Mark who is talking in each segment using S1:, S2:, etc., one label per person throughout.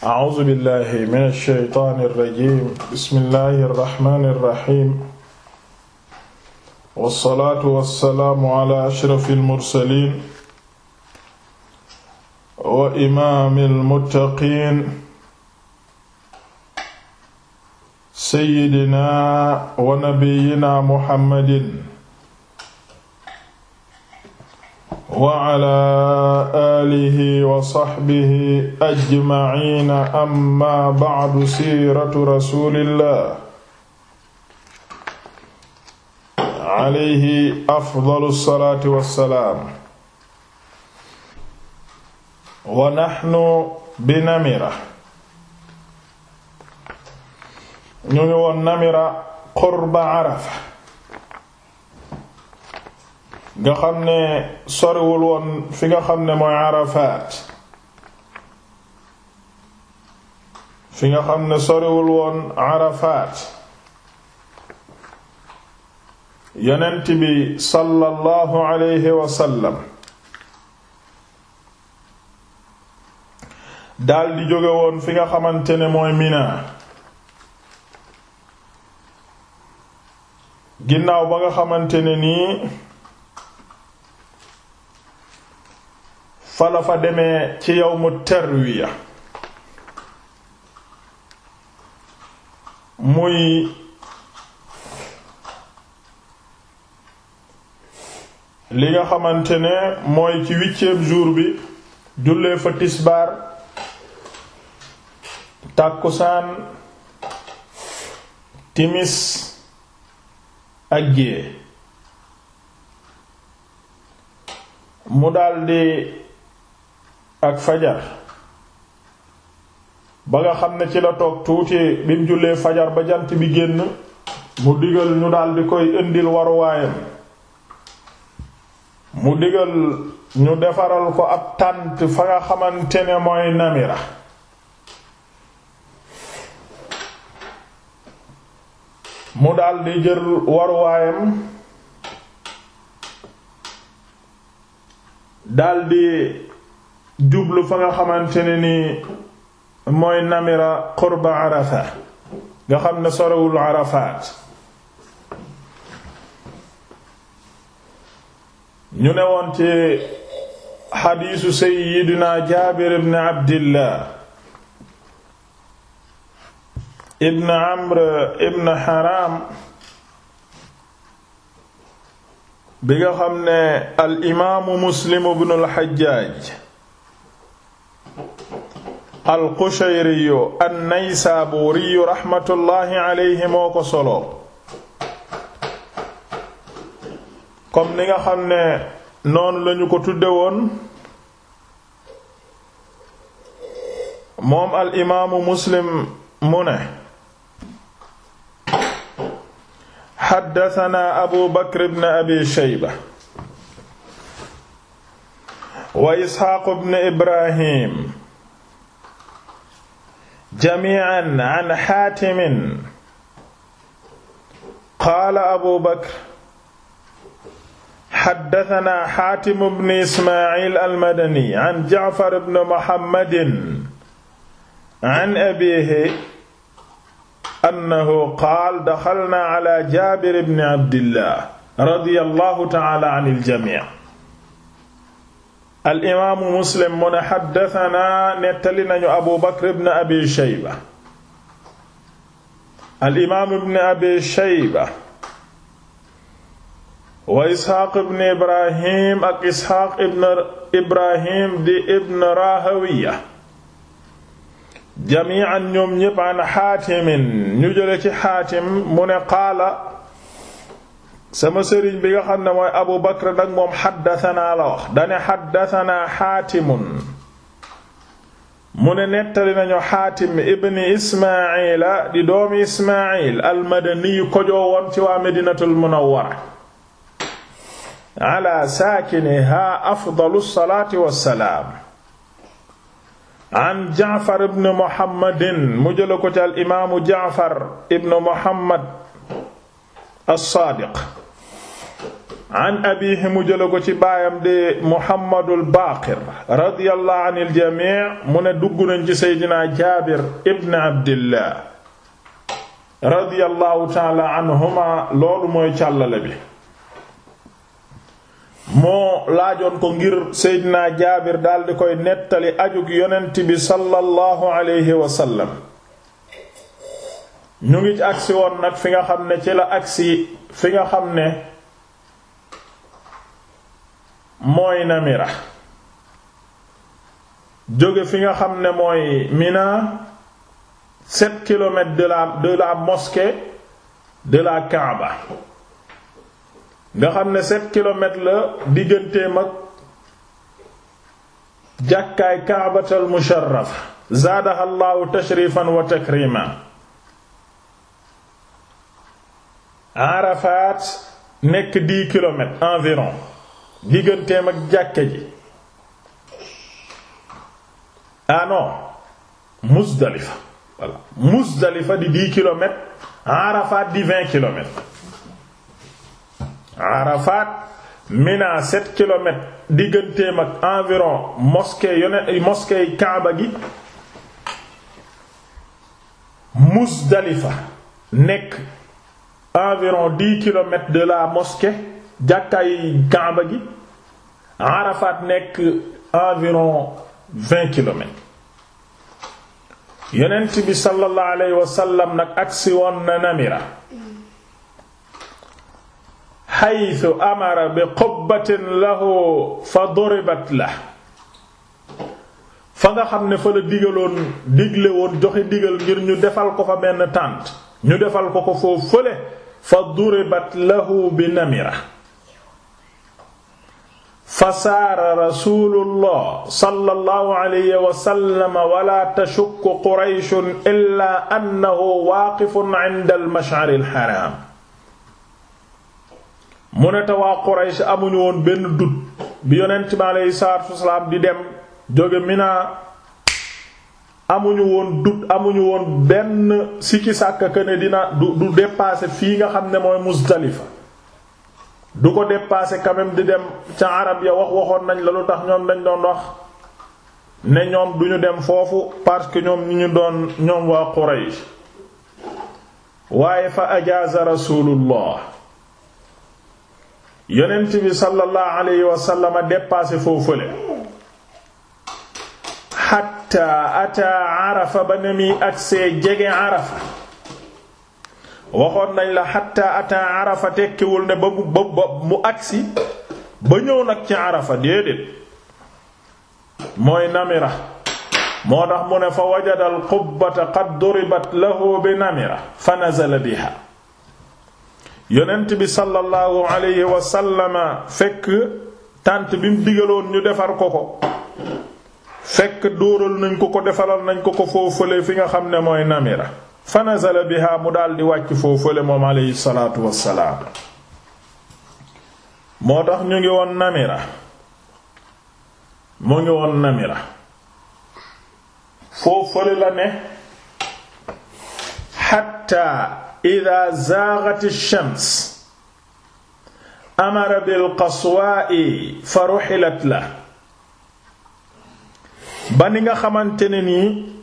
S1: A'uuzu billahi mina shaytaani rajiim bismillahi rahmaani rahiim. Wassalaatu wassalaamu alaa ashrafil mursaliin. wa imaamil muttaqiin. Sayyidinaa wa nabiyyinaa Muhammadin. wa ala alihi wa sahbihi ajma'iina amma ba'du siiratu rasulillah alayhi afdalu salaati wa salaam. wa nahnu bi Namira. ñu ngi woon Namira qurba Arafa. nga xam ne soriwul woon fi nga xam ne mooy Arafat fi nga xam ne soriwul woon Arafat yonent bi sallallahu alayhi wa sallam daldi jóge woon fi nga xamante ne mooy Mina ginnaaw ba nga xamante ne nii fa la fa demee ci yawmu tarwiya muy li nga xamante ne mooy ci huitième jour bi jullee fa tisbaar tàkkusaan timis ak gée mu daldi ak fajar ba nga xam ne ci la toog tuuti bi fajar ba jant bi génn mu digal ñu daldi koy indil waruwaayam mu digal ñu defaral ko ab tànt fa nga xamante ne mooy namira mu daldi jël waruwaayam daldi jublu fa nga xamante ne ni mooy namira qurba arafa nga xam ne sorewul arafaat ñu ne woon ci xadiisu sayidina jaabir ibn abdillah ibn amr ibn haram bi nga xam ne al imaamu muslim ibn al hajjaaj alqushayriyu annaysaabuuriyu raxmatullaahi alayhi moo ko soloo comme ni nga xam ne noonu lañu ko tudde woon moom al imaamu muslim mu ne xaddatanaa abu bakr bn abi sheyba wa isxaaqu bn ibrahim jamii'an an Haatim qaala Abu Bakr haddasanaa Haatim ibn Ismaa'iil al-Madani an Ja'far ibn Muhammadin an abiihi annahu qaala daxalnaa alaa Jaabir ibn Abdillah radiyallaahu ta'aalaa anil jamii' al imaamu muslim mu ne xaddatanaa nettali nañu abu bakr ibn abi shayba al imaam ibn abi shayba wa isxaaq ibn ibrahim ak isxaaq ibn ibrahim di ibn rahawiya jamiican ñoom ñépp an xaatimin ñu jële ci xaatim mu ne qaala sama sëriñ bi nga xam ne mooy abu bakr nag moom xaddatanaa la wax dane xaddatanaa xaatimun mu ne nettali nañu xaatim ibni ismaila di doomi ismail almadaniyu kojoowoon ci waa medinatul munawwara ala saakiniha afdalu salaati wassalaam an jaafar ibn muhammadin mu jëla al imaamu jaafar ibn muhammad as-saadiq an abiihi mu jële ko ci baayam di Muhammadul Baaqir radiyallahu anil jamii mu ne dugg nañ ci seydina Jaabir ibn Abdillah radiyallahu taala anhuma loolu mooy càllale bi moo laajoon ko ngir seydina Jaabir daldi koy nettali ajug yonent bi sallallahu alayhi wa ñu ngi agsi woon nag fi nga xam ne ci la aksi fi nga xam ne mooy namira jóge fi nga xam ne mooy Mina sept kilomètres de la de la de la Kaaba nga xam ne sept kilomètres la diggante ak jàkkaay Kaabatal musharraf zaadaha tashrifan wa takriman Arafat nekk dix kilomètres environ digganteem ak jàkke ji ah non Muzdalifa di dix kilomètres Arafat di vingt kilomètres Arafat mina sept digganteem ak environ mosquée yone mosquée Kaaba gi Muzdalifa nekk environ dix kilomètres de la mosquée jàkkaay Kaaba gi Arafat nekk environ vingt kilomètres yonent bi sallallahu alayhi nag agsi woon na Namira xaytu amara bi qubbatin lahu fa duribat la fa nga xam ne fa la digaloon digle woon joxe digal ngir ñu defal ko fa benn tànt ñu defal ko ko foofu fële fa duribat lahu bi Namira fasaara rasulullah sallallahu alayhi wa sallam wala tashukku qurayshun illa annahu waaqifun inda al-mash'ar mu ne Quraysh amuñu woon benn dut bi yonent bi amuñu woon dut amuñu woon benn sikki sàkk dina du du fii nga xam ne mooy Muzdalifa du ko dépasser quand même di dem ca arab ya wax waxoon nañ la lu tax ñoom dañ doon wax ne ñoom duñu dem foofu parce que ñoom ñi ñu doon ñoom waa Quraysh waaye fa ajaaza rasulullah yonent bi sallallahu alayhi wa sallam dépassé foofule hatta ata arafa ba ne mi agsee jege arafa waxoon nañ la xatta ata arafa ne ba mu ba mu agsi ba ñëw nag ci arafa déedéet mooy namira moo tax mu ne fa wajada al qubbata qad duribat lahu bi namira fa nazala biha yonent bi sallallahu alayhi wa sallama fekk tànt bi mu digaloon ñu defar ko ko fekk dóoral nañ ko ko defaral nañ ko ko foofule fi nga xam ne mooy namira fa nazala biha mu daal di wàcc foofale moom aleyhi salaatu wassalaam moo tax ñu ngi woon namira mu ngi woon namira foofale la ne xatta ida zaagat ash-shams amara bil qaswaa'i fa ruxilat la ba ni nga xamante ne nii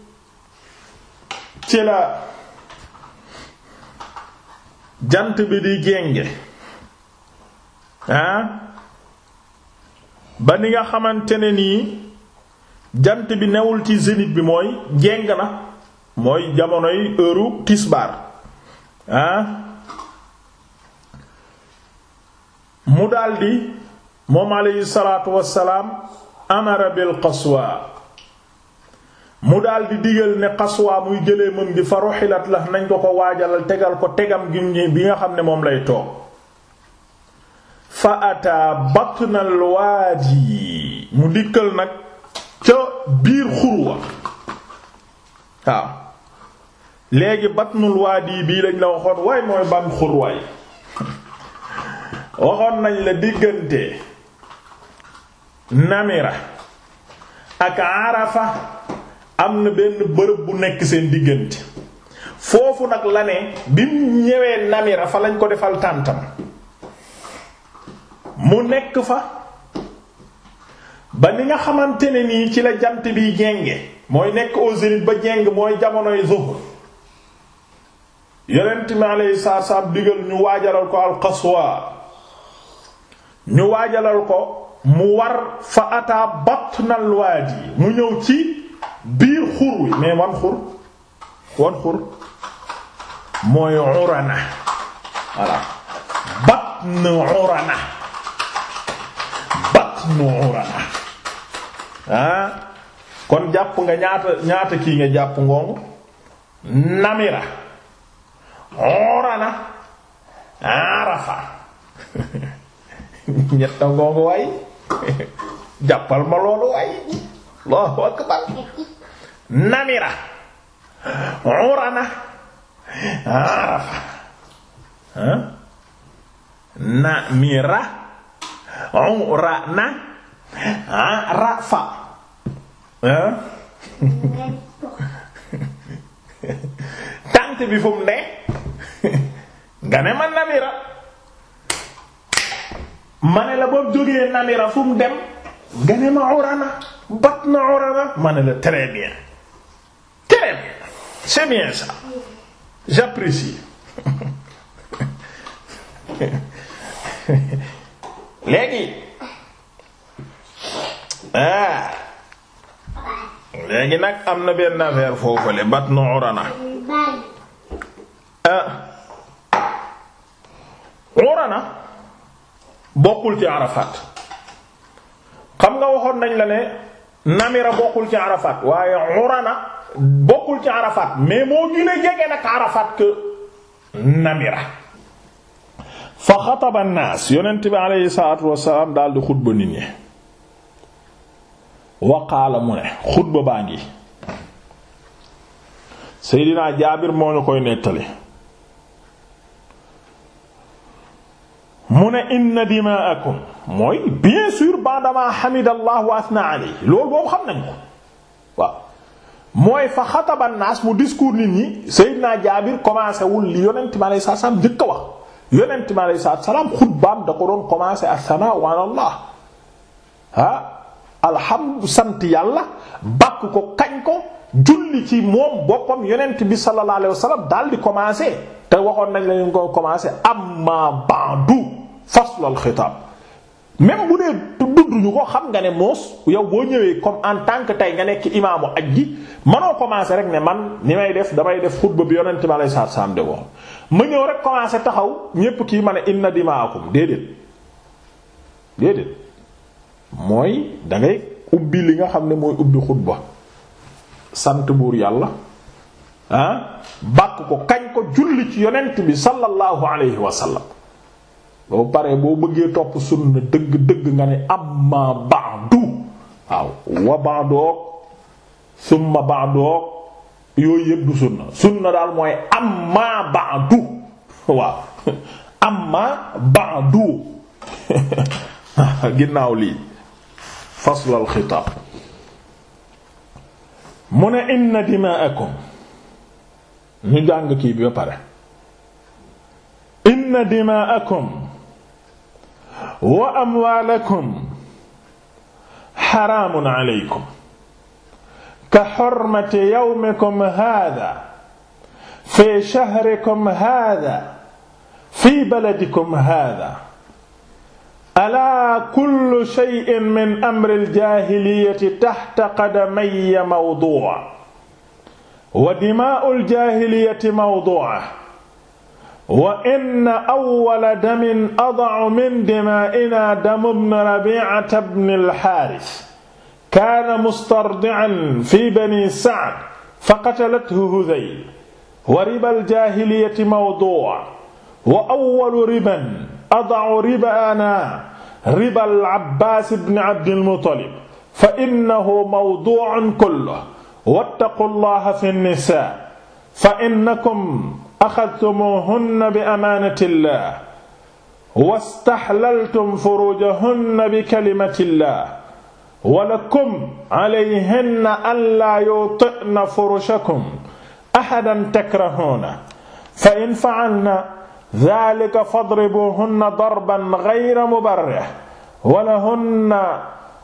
S1: ci la jant bi di jénge ah? ba ni nga xamante ne nii jant bi newul ci zénith bi mooy jéng na mooy jamonoy heure tisbaar ah? mu daldi moom alayhi salaatu wassalaam amara bil qaswa mu daal di digal ne xaswaa muy jëlee mëm gi fa roxilat la nañ ko ko waajalal tegal ko tegam gi bi nga xam ne moom lay toog fa ataa batnal waadi mu dikkal nag ca biir xurwa waaw léegi batnul waadi bii lañ la waxoon waay mooy ban xurwaay waxoon nañ la diggante namira ak arafa am na benn bërëb bu nekk seen diggante foofu nag la ne bi mu ñëwee namira fa lañ ko defal tàntam mu nekk fa ba ni nga xamante ne nii ci la jant bi jenge mooy nekk au ba jeng mooy jamonoy zuhr yonent mi alayhi salaam digal ñu waajalal ko alqaswa ñu waajalal ko mu war fa ataa batnal waadi mu ñëw ci biir xur wi wan xur wan xur mooy urana voilà batn urana batn urana ah kon jàpp nga ñaata ñaata kii nga jàpp ngoongu namira urana arafa ñetta ngoongu waay jàppal ma loolu waay allahu akbar namira urana arafa namira urana arafa tànt bi fu mu ne nga ma namira ma la boobu jógee namira fu dem nga ma urana bat na urana la très bien très bien c'est bien léegi ah léegi nag am na benn affaire foofule batnu urana ah urana bokkul ci Arafat xam nga waxoon nañ la ne. namira bokkul ci Arafat waaye urana bokkul ci Arafat mais moo gën a jege nag Arafat que namira fa xataba naas yonent bi aleyhi salaatu wasalaam daal di xutba nit ñi waqaala mu ne xutba baa ngi Seydina Jaabir moo ñu koy nettali mu ne inna dimaakum mooy baadama hamidallah wa asna alay loolu boobu xam nañ ko waaw mooy fa xataba naas mu discours nit ñi Seydina Jaabir commencé wul li yonent mi alayhi salaam njëkk a wax yonent mi alayhi salaam xutbaam da ko doon commencé as-sanaa ala Allah alhamdu sant yàlla bàkk ko kañ ko julli ci moom boppam yonent bi sallallahu alayhi wa daal di commencé te waxoon nañ la ñu ko commencé amma ba'du faslul xitaab même bu dee dunduñu ko xam nga ne moos yow boo ñëwee comme en tant que tey nga nekk imaamu aj gi manoo commencé rek ne man ni may def damay def xutba bi yonent bi aleyhi salaatu salaam de ma ñëw rek commencé taxaw ñépp kii ma ne inna dimaakum déedéet déedéet mooy da ngay ubbi li nga xam ne mooy ubbi xutba buur yàlla ah bàkk ko kañ ko julli ci yonent bi sallallahu alayhi wa sallam boo paree boo bëggee topp sunna dëgg dëgg nga ne amma ba'du waaw wa ba'doog summa ba'doog yooyu yëpp sunna sunna daal mooy amma ba'du waaw amma ba'du ginnaaw lii faslal xitaab mu ne inna dimaakum ñu jàng kii bi ba pare inna dimaakum wa amwaalakum xaraamun aleykum ka xormati yawmikum haadaa fi shahrikum haadaa fi baladikum haadaa alaa kullu shay'in min amril jaahiliyyati tahta qadamayya mawduu'un wa dimaa'ul jaahiliyyati mawduu'atun wa inna awwala damin ada'u min dimaa'inaa damu ibn Rabi'ata ibn al-Haaris kaana mustardi'an fi bani Sa'd faqatalathu Hudhayl wa riba al-jaahiliyyati mawdu'un wa awwalu riban ada'u ribaanaa riba al-Abbaas ibn Abd al-Muttalib fa innahu mawdu'un kulluhu wattaqullaha fi an-nisaa fa innakum axadtumuhunna bi amaanatillah wastaxlaltum furujahunna bi kalimatillah walakum alayhinna allaa yuti'na furushakum ahadan takrahuuna fa in fa'alna dhaalika fadribuuhunna darban ghayra mubarrih walahunna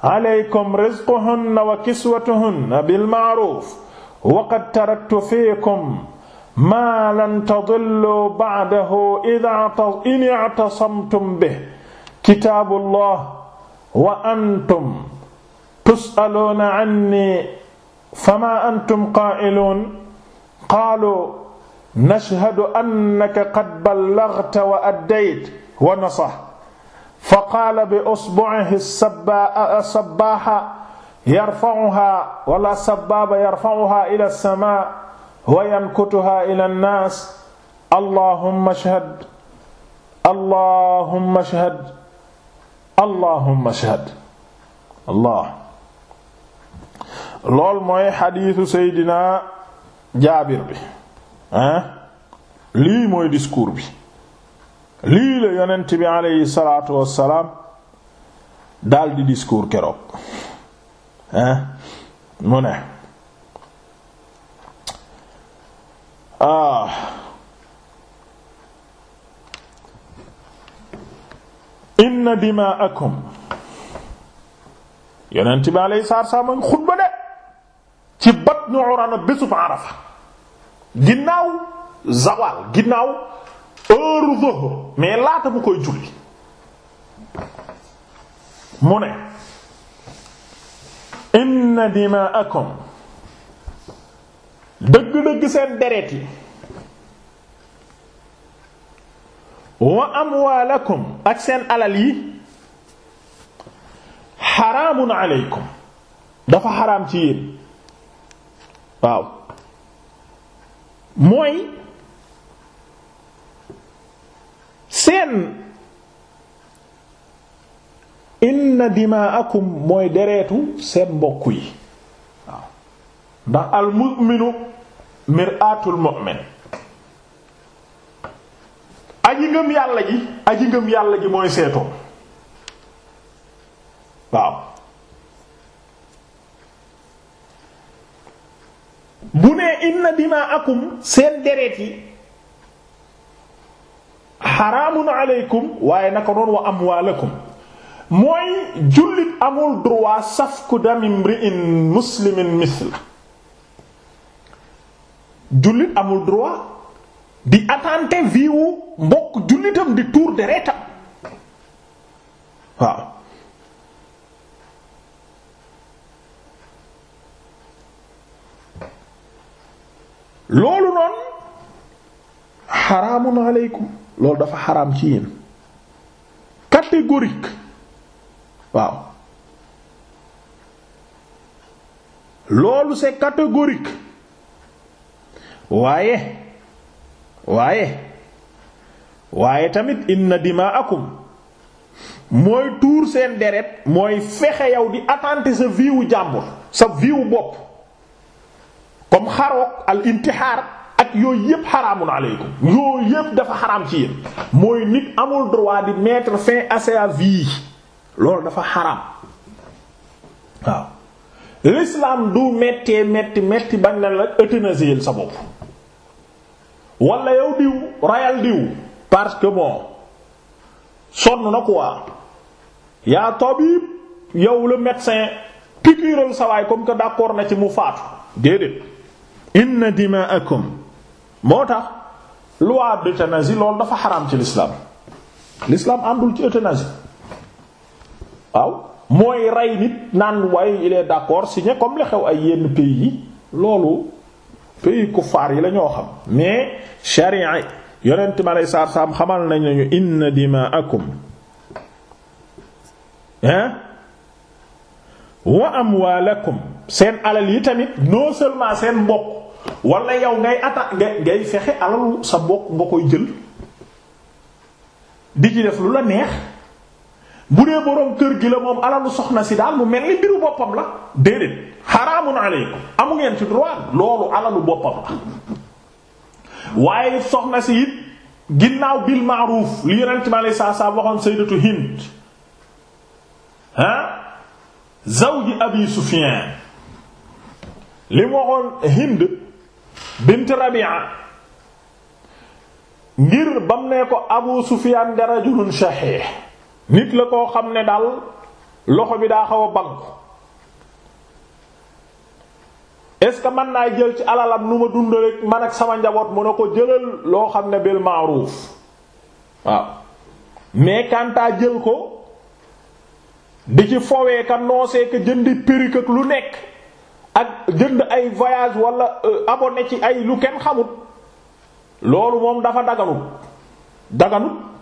S1: alaykum rizquhunna wa kiswatuhunna bilma'ruuf wa qad taraktu fiikum maa lan tadillu ba'dahu in i'tasamtum bihi kitaabullah wa antum tus'aluuna anni famaa antum qaa'iluun qaaluu nashhadu annaka qad ballaghta wa addayta wa nasahta faqaala bi usbu'ihi as-sabbaaha yarfa'uhaa wala as-sabbaaba yarfa'uhaa ilaa as-samaa' wa yankutuha ila nnaas allahumma shahad allahumma shahad allahumma allah lool mooy xadiisu seydina jaabir bi lii mooy discours bi lii la yonent bi aleyhi salaatu wassalaam daldi discours keroog mu ne ah inna dimaakum yonent bi alayhi salaatu salaam a ngi xutba de ci batnu Urana bésub Arafa ginnaaw zawal ginnaaw heure dhuhr mais laata mu koy julli mu ne inna dimaakum dëgg-dëgg seen deret yi wa amwaalakum ak seen alal yi xaraamun aleykum dafa xaraam ci yéen waaw mooy seen inna dimaakum mooy deretu seen mbokk yi waaw ndax al mir'atul mu'min aji ngëm yàlla ji aji ngëm yàlla ji mooy seetoo waaw bu ne inna dimaakum seen deret yi xaraamun aleykum waaye naka doon wa amwaalakum mooy jullit amul droit safku dami imri'in muslimin misla jullit amul droit di attenter viwu mbokk jullitam di tuur deretam waaw loolu noonu xaraamun aleykum loolu dafa xaram ci yéen catégorique waaw loolu c'est catégorique waaye waaye waaye tamit inna dimaakum mooy tuur seen deret mooy fexe yow di attenter sa vie jàmbur sa vie bopp comme xaroog al intixaar ak yooyu yépp xaraamun aleykum yooyu yépp dafa xaraam ci yéen mooy nit amul droit di mettre fin à sa loolu dafa xaraam waaw l'islam du mettee metti metti bañ na la euthanasie sa bopp wala yow diw rayal diw parce que bon sonn na quoi yaa tabib yow le médecin piqûral sawaay comme que d'accord na ci mu faatu déedéet inna dima'akum moo tax loi d'euthanasie loolu dafa xaraam ci l'islam l'islam àndul ci euthanasie waaw mooy rey nit naan waaye il est d'accord signé comme li xew ay yenn pays yi loolu pays kuffaar yi la xam mais sharia yonent ma lay saar saam xamal nañ nañu inna dimaakum hein wa amwaalakum seen alal yi tamit non seulement seen bokk walla yow ngay atta ngay ngay fexe alalu sa mbokk nga koy jël di ci def lu la neex bu dee kër gi la moom alalu soxna si daal mu mel ni mbiru boppam la déedéet xaraamun aleykum amu ngeen ci droit loolu alalu boppam la waaye soxna siit it ginnaaw bil ma'ruf li yonent mi aleyhi salaatu salaam waxoon sayyidatu Hind ah zawji Abi Sufyaan li mu waxoon Hind bint Rabi'a ngir bam ne ko Abu Sufyaan de rajulun shahiih nit la koo xam ne daal loxo bi daa xaw a banku est-ce que mën naa jël ci alalam nu ma dundal man ak sama njaboot mu ne ko jëlal loo xam ne bil ma'ruf waaw mais kantaa jël ko di ci foowee ka noosee ka jëndi périk ak lu nekk ak jënd ay voyage wala euh, abonné ci ay lu kenn xamut loolu moom dafa daganut daganut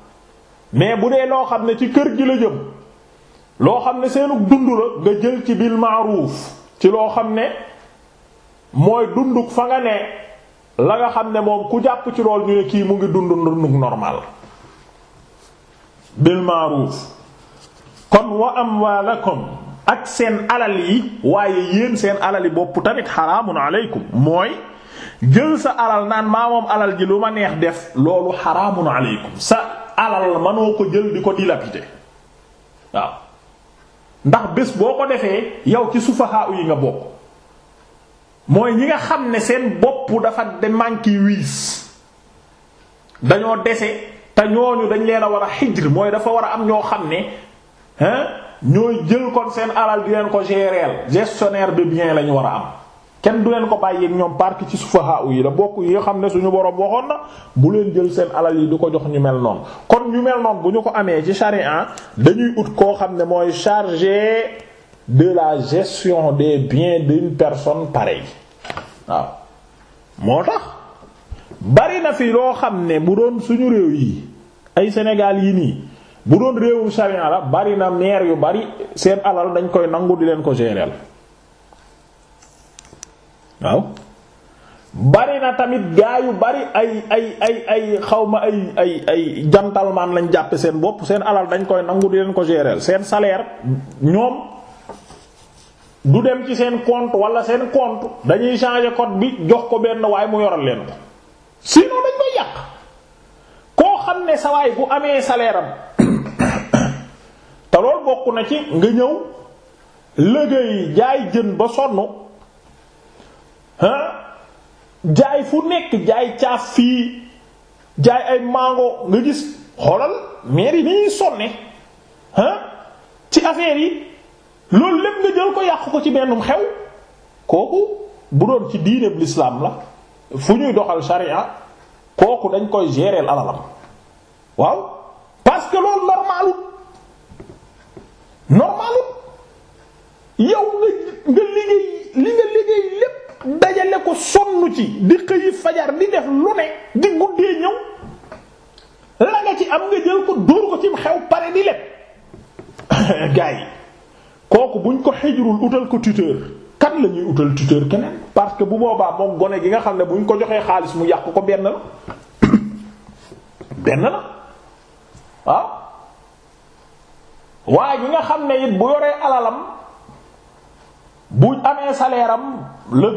S1: mais bu dee loo xam ne ci kër gi la jëm loo xam ne seenug dund la nga jël ci bil ma'ruf ci loo xam ne mooy dunduk fa nga ne la nga xam ne moom ku jàpp ci lool ñu ne kii mu ngi dund dunduk normal bil ma'ruf kon wa amwaalakum ak seen alal yi waaye yéen seen alal yi bopp tamit xaraamun aleykum mooy jël sa alal naan maa moom alal ji lu ma neex def loolu xaraamun na sa alal manoo ko jël di ko dilapider waaw ndax bés boo ko defee yow ci sufaha yi nga bokk mooy ñi nga xam ne seen bopp dafa de manqué wiis dañoo dese te ñooñu dañ leen a war a xijr mooy dafa war a am ñoo xam ne hein ñooy jël kon seen alal di leen ko gérer gestionnaire de bien lañu war a am kenn du leen ko bàyyeeg ñoom park ci sufaha yi la bokk yi nga xam ne suñu borom waxoon na bu leen jël seen alal yi du ko jox ñu mel noonu kon ñu mel noonu bu ñu ko amee ci charia dañuy ut koo xam ne mooy chargé de la gestion des bien d'une personne pareille waaw moo tax bari na fi loo xam ne bu doon suñu réew yi ay Sénégal yi nii bu doon réewum charia la bari na maire yu bari seen alal dañ koy nangu di leen ko gérer. waaw bari na tamit gaa yu bari ay ay ay ay xawma ay ay ay jantalmaan lañ jàppe seen bopp seen alal dañ koy nangu di leen ko gérer seen salaire ñoom du dem ci seen compte wala seen compte dañuy changer code bi jox ko benn waaye mu yoral leen ko sinon dañ koy yàq koo xam ne sa waay bu amee salaire te lool bokk na ci nga ñëw liggéey jaay jën ba sonn jaay fu nekk jaay caaf fii jaay ay mango nga gis xoolal maire yi dañuy sonne ah ci affaire yi loolu lépp nga jël ko yàq ko ci bennum xew kooku bu doon ci diineb l'islam la fu ñuy doxal sharia kooku dañ koy gérer alalam waaw parce que loolu normalut normalut yow nga nga liggéey li nga liggéey lépp dajale ko sonn ci di xëyi fajar di def lu ne di guddee ñëw la nga ci am nga jël ko dóor ko ci xew pare di leb gars yi kooku buñ ko xijrul utal ko tuteur kan la ñuy utal tuteur keneen parce que bu boobaa moom gone gi nga xam ne buñ ko joxee xaalis mu yàq ko benn la benn la waaw ah? waaye gi nga xam ne it bu yoree alalam bu amee salaire am le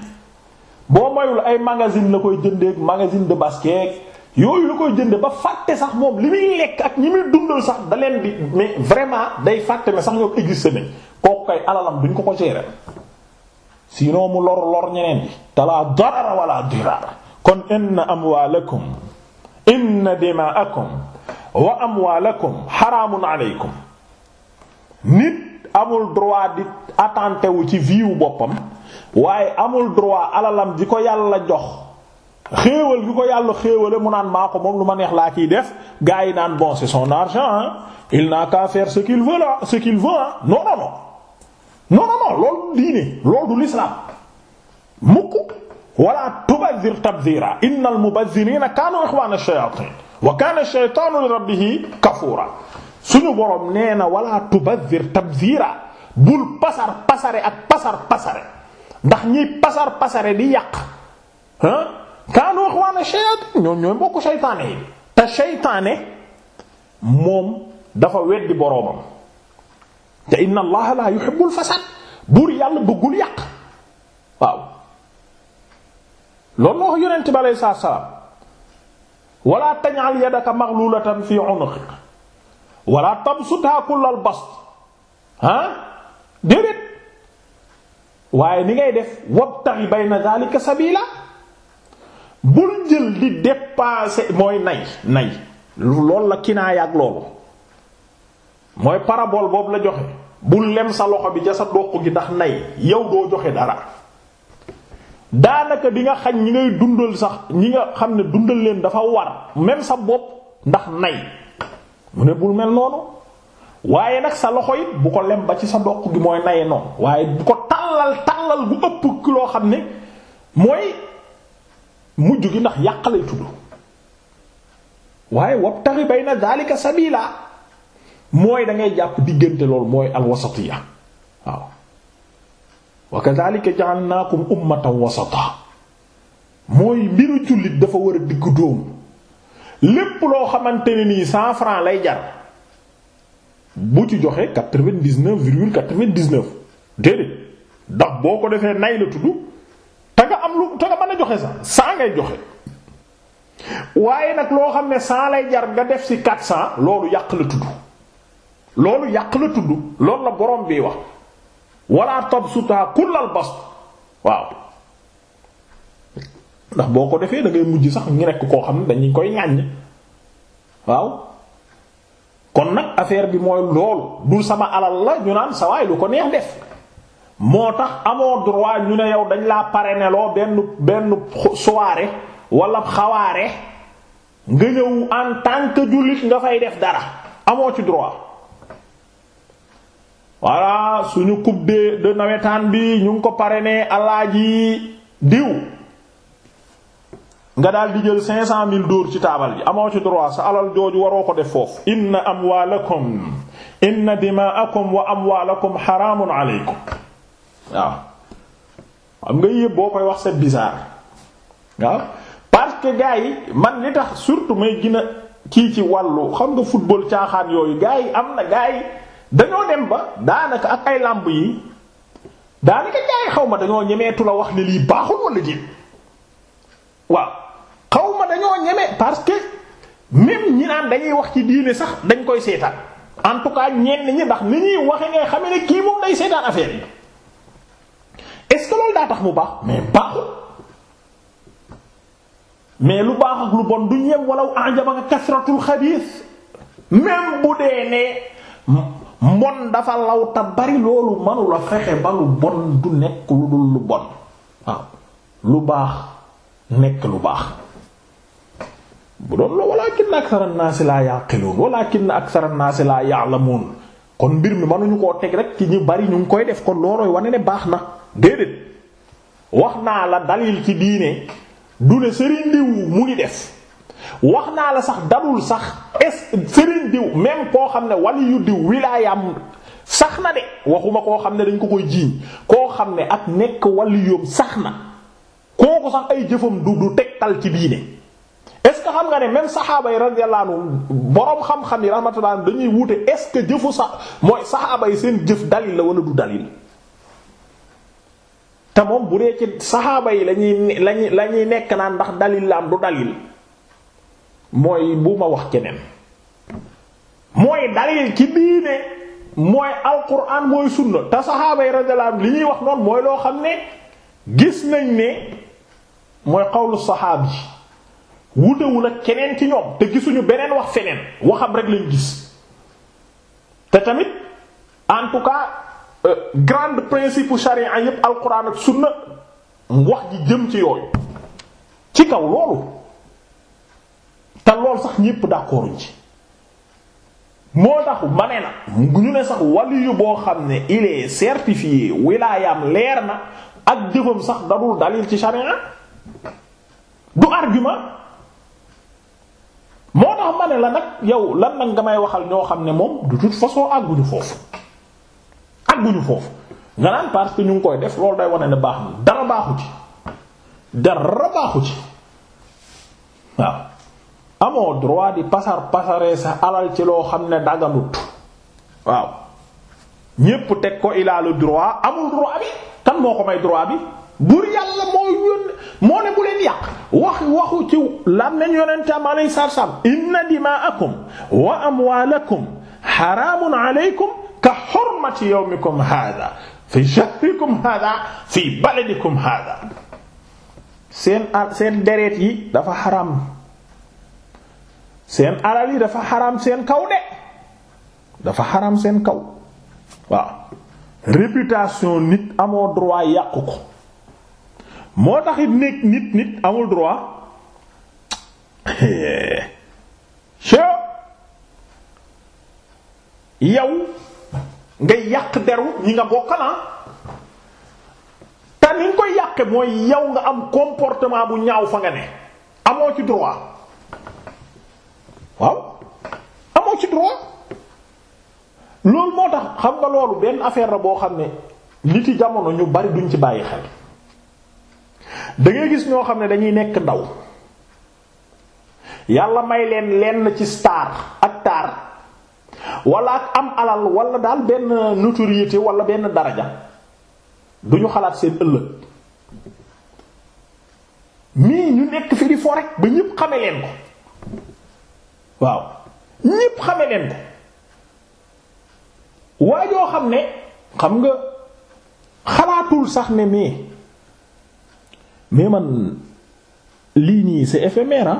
S1: boo mayul ay magasin la koy jëndee magasine de basket yooyu la koy jënde ba fàtte sax moom li muy lekk ak ñi muy dundal sax da leen di mais vraiment day fàtte ne sax ñoom existé nañ kooku kay alalam duñ ko ko gérer sinon mu lor lor ñeneen bi talaa darara wala dirar kon inna amwaalakum inna dimaakum wa amwaalakum xaraamun aleykum nit amul droit di attenter wu ci viiwu boppam waaye amul droit alalam jiko ko yàlla jox xéewal gi yàlla xéewale mu naan maa moom lu ma neex laa ciy def gars yi naan bon c'est son argent hein il n'a qu'à faire ce qu'il veut là ce qu'il veut hein non du l'islam mukk wala tubazir tabzira innal mubazzirina kanu ikhwana ash-shayatin wa kana ash-shaytanu rabbihi kafura suñu borom nee na wala tubazir tabzira bul pasar pasare ak pasar pasare ndax ñiy pasar pasare di yàq ah kaanu ikhwana shayatin ñoom ñooy mbokku seytaane yi te seytaane moom dafa weddi boroomam te inna allaha la yuhibbul fasad buur yàlla bëggul yàq waaw loolu la wax yonent bi alayhi salaam wala taj'al yadaka maghlulatan fi 'unuqik wala tabsutaa kullal bast ah déedéet waaye ni ngay def wabtaxi bayna dhalika sabila bul jël di dépasser mooy nay nay lool la kinaaya ak loolu mooy parabole boobu la joxe bul lem sa loxo bi ca sa doq gi ndax nay yow doo joxe dara daanaka di nga xañ ñi ngay dundal sax ñi nga xam ne dundal leen dafa war même sa bopp ndax nay mu ne bul mel noonu waaye nag sa loxo it bu ko lem ba ci sa doq gi mooy naye noonu waaye bu ko tàllal tàllal bu ëpp loo xam ne mooy mujj gi ndax yàq lay tudd waaye wabtaghi bayna dhalika sabila mooy dangay ngay jàpp diggante loolu mooy alwasatiya waaw wa kadhalika ko ummatan wasata mooy mbiru jullit dafa war a diggu dóomu lépp loo xamante ne nii cent francs lay jar bu ci joxe quatre-vingt-dix-neuf virgule quatre-vingt-dix-neuf déedéet ndax boo ko defee nay la tudd te nga am lu te nga mën a joxe sax cent ngay joxe waaye nag loo xam ne cent lay jar nga def ci quatre cent loolu yàq la tudd loolu yàq la tudd loolu la boroom bi wax wala sutaa kullal bast waaw ndax boo ko defee da mujj sax ngi nekk koo xam ne dañuy koy ŋàññ waaw kon nag affaire bi mooy lool dul sama alal la ñu naan sawaay lu ko neex def moo tax amoo droit ñu ne yow dañ laa pare neloo benn benn soirée wala xawaare nga ñëw en tànk que jullit nga fay def dara amoo ci droit voilà suñu coupe de de nawetaan bi ñu ngi ko parrainé yi diw nga daal di jël cent mille dóor ci taabal ji amoo ci droit sa alal jooju waroo ko def foofu inna amwaalakum inna dimaakum wa amwaalakum xaraamun aleykum waaw xam nga yëpp boo koy wax set bizarre waaw parce que gars yi man li tax surtout may gën kii ci wàllu xam nga football caaxaan yooyu gars yi am na gars yi dañoo dem ba daanaka ak ay làmb yi daanaka gars xaw ma dañoo ñemeetu la wax ne lii baaxul wala déet waaw dañoo ñeme parce que même ñi naan dañuy wax ci diine sax dañ koy seetaan en tout cas ñenn ñi ndax ni ñuy waxe ngay xame ne kii moom day seetaan affaire yi est loolu daa tax mu baax mais baaxul mais lu baax ak lu bon du ñem walaw ajabaka kasratul xabiis même bu dee ne mbon dafa law ta bari ba lu bon du nekk lu dul lu bon lu baax nekk lu baax bu doon la walaakin aksara naasi laa yaaqiluun walaakin aksara naasi laa yaalamuun kon mbir mi mënuñu koo teg rek ci ñu bari ñu ngi koy def kon loolooy wane ne baax na déedéet wax naa la dalil ci biine du ne sëriñ diw mu ngi def wax naa la sax dalul sax est sëriñ diw même koo xam ne waliyu diw wilaayam sax na de waxuma koo xam ne dañ ko koy jiiñ koo xam ne ak nekk waliyum sax na kooku sax ay jëfam du du tegtal ci diine est ce que xam nga ne même saxaaba yi radiyallahu boroom xam-xam yi rahmatullah dañuy wuute est ce que jëfu sax mooy saxaaba yi seen jëf dalil la wala du dalil te moom bu dee ci saxaaba yi lañuy lañuy la nekk naan ndax dalil la am du dalil mooy bu ma wax keneen mooy dalil ci diine mooy alquran mooy sunna te saxaaba yi radiyallahu li ñuy wax noon mooy loo xam ne gis nañ ne mooy qawlu saxaab wutewul ak keneen ci ñoom te gisuñu beneen wax feneen waxam rek lañ gis te tamit en tout cas euh, grand principe charia yépp alquran ak sunna wax ji jëm ci yooyu ci kaw loolu te lool sax ñépp d'accord ci moo tax ma ne na ñu ne sax waliyu boo xam ne il est certifié wilaayam leer na ak jëfam sax dadul dalil ci charia du argument moo tax ma ne la nag yow lan nag nga may waxal ñoo xam ne moom de toute façon àgguñu foofu àgguñu foofu nga naan parce que ñu ngi koy def loolu day wane ne baax na dara baaxu ci dara baaxu ci waaw amoo droit di pasar pasaree sa alal ci loo xam ne daganut waaw ñépp teg ko il droit amul droit bi kan moo ko may droit bi. bur yàlla moo yónni moo ne bu wax waxu ci lam nañ yonentam alayhi salaam inna dimaakum wa amwaalakum xaraamun alaykum ka xurmati yawmikum haadaa fi shahrikum haadaa fi baladikum haadaa seen seen yi dafa xaraam seen alal yi dafa xaraam seen kaw de dafa xaraam seen kaw waaw nit amoo droit yàqu moo taxit nit nit nit amul droit yow nga yàq deru ñi nga bokkala ah. te ni nga koy yàqe mooy yow nga am comportement bu ñaaw fa nga ne amoo ci droit waaw amoo ci droit loolu moo tax xam nga loolu benn affaire la boo xam ne nit yi jamono ñu bari duñ ci bàyyi xel da gis ñoo xam ne dañuy nekk ndaw yàlla may leen lenn ci star ak taar walla ak am alal wala daal benn notoriété wala benn daraja du ñu xalaat seen ëllëg mii ñu nekk fi di fo ba ñépp xame leen ko waaw ñépp xame leen ko waa joo xam ne xam nga xalaatul sax ne mii mais man lii nii c'est éphémère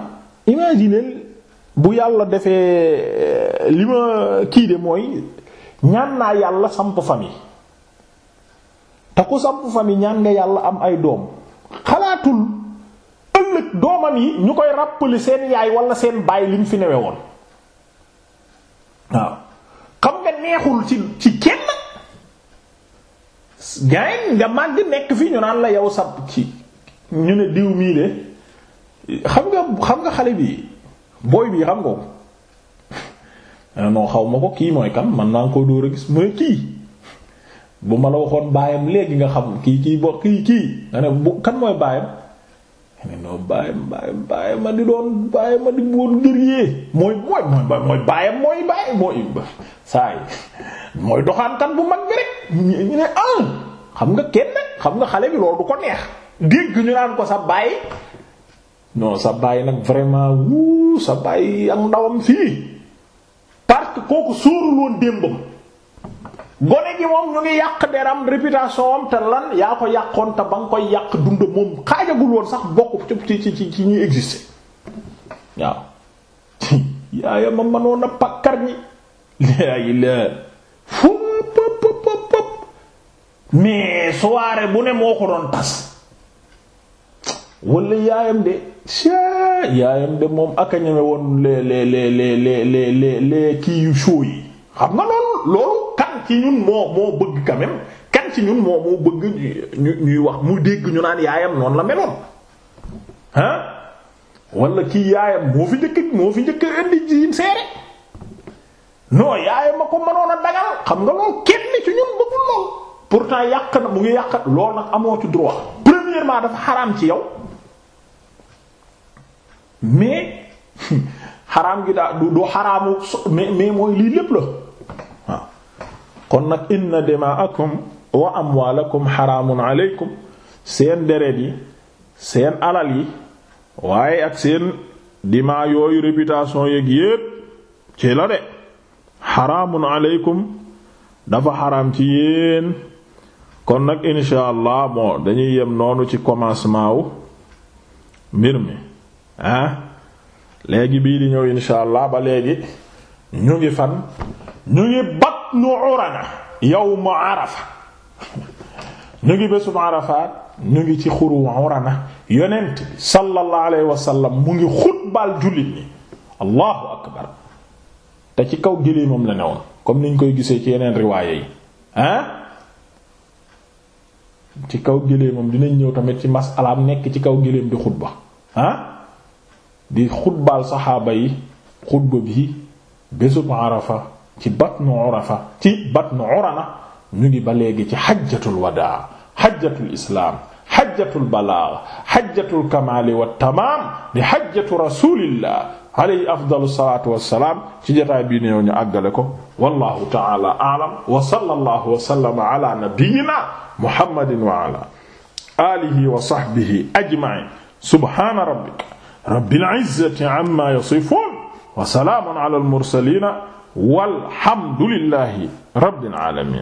S1: imaginez bu yàlla defee euh, li ma kii de mooy ñaan naa yàlla samp famille te ku samp famille ñaan nga yàlla am ay doom xalaatul ëllëg doomam yi ñu koy rappeler seen yaay wala seen baay liñ fi newee woon waaw xam nga neexul ci ci kenn gaay nga màgg nekk fi ñu naan la yow sab ci ñu ne diw mii de xam nga xam nga xale bi booy bii xam nga ko eh, non xaw ma ko kii mooy kan man naa koo dóor a gis mooy kii bu ma la waxoon baayam léegi nga xam kii kii bo kii kii nga ne bu kan mooy baayam ne baayam ma di doon baayam ma di woon mooy mooy mooy mooy baayam mooy baayam mooy bu mag bi rek ñu ne ah xam nga kenn xam nga xale bi loolu du ko neex. dégg ñu naan ko sa baay non sa baay nag vraiment wuu sa baay ak ndawam fii parce que kooku sóorul woon démbam gone gi moom ñu ngi yàq deram réputation te lan yaa ko yàqoon te ba nga koy yàq dund moom xaajagul woon sax bokk ci ci ci ci ñuy exister waaw yaayama manoon a pakkar ñi laayi la fu pop pop pop mais soirée bu ne moo ko doon tas wala yaayam de caa yaayam de moom ak a ñeme woon les les les les les les les kii yu show yi xam nga loolu loolu kan ci ñun moo moo bëgg quand kan ci ñun moo moo bëgg ñu ñuy wax mu dégg ñu naan yaayam noon la meloon ah wala kii yaayam moo fi njëkk moo fi njëkk indi jiin seere non yaayam ma ko mënoon a dagal xam nga loolu kenn ci ñun bëggul lool pourtant yàq na mu ngi yàq loolu nag amoo ci droit premièrement dafa xaraam ci yow. mais xaraam gi daa du du xaraamu mais mais mooy lii lépp la waaw kon nag inna dimaakum wa amwaalakum xaraamun aleykum seen alal yi waaye ak seen dimaa yooyu réputation yeeg yépp ci la nag insha allah bon dañuy yem noonu ci commencement wu mbir mi ah léegi bii di ñëw insha allah ba léegi ñu ngi fan ñu ngi batnu urana yawmu arafa ñu ngi bésum arafaat ñu ngi ci xuru urana yonent bi sallallahu alayhi wa mu ngi xutbaal jullit ñi allahu akbar te ci kaw gélee moom la newoon comme niñ koy gisee ci yeneen riwaaye yi ah ci kaw géléemam dinañ ñëw tamit ci masalaam nekk ci kaw géléem di xutba ah di xutbaal saxaaba yi xutba bi bésub arafa ci batnu arafa ci batnu urana ñu ngi ba léegi ci xajjatul wadaa xajjatul islaam xajjatul balaaga xajjatul kamaali wa di xajjatu rasulillah alayhi afdalu salaatu wa ci jotaay bii néew ñu àggale ko wallahu ta'ala a'lam wa sallallahu wa sallama ala nabiyyina muhammadin wa ala alihi wa sahbihi rabbil izzati amma yasifun wa salaamun ala al mursalin walhamdulillahi rabbil alamin